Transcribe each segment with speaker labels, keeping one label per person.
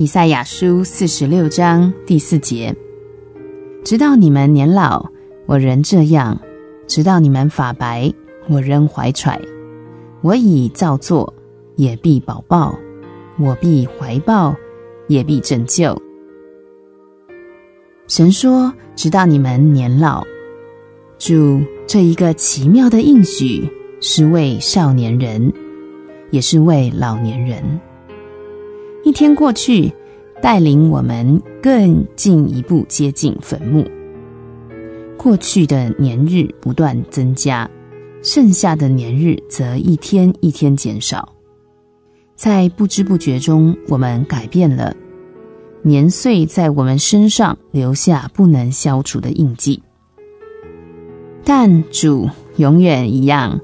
Speaker 1: 以賽亞書四十六章第四節：直到你們年老，我仍這樣；直到你們髮白，我仍懷搋。我已造作，也必保抱；我必懷抱，也必拯救。神說：直到你們年老，主。這一個奇妙的應許是為少年人，也是為老年人。一天過去，帶領我們更進一步接近墳墓。過去的年日不斷增加，剩下的年日則一天一天減少。在不知不覺中，我們改變了，年歲在我們身上留下不能消除的印記。但主永遠一樣，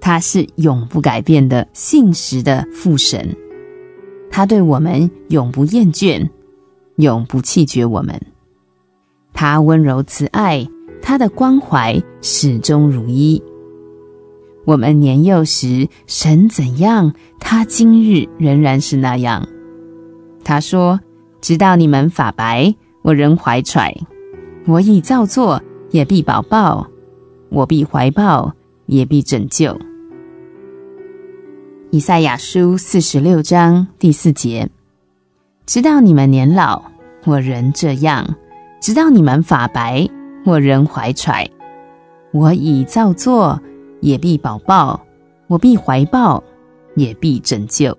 Speaker 1: 他是永不改變的信實的父神。他對我們永不厭倦，永不棄絕我們。他溫柔慈愛，他的關懷始終如一。我們年幼時，神怎樣，他今日仍然是那樣。他說：“直到你們髮白，我仍懷搋；我已造作，也必保抱；我必懷抱，也必拯救。”以賽亞書四十六章第四節：直到你們年老，我仍這樣；直到你們髮白，我仍懷揣。我已造作，也必保抱；我必懷抱，也必拯救。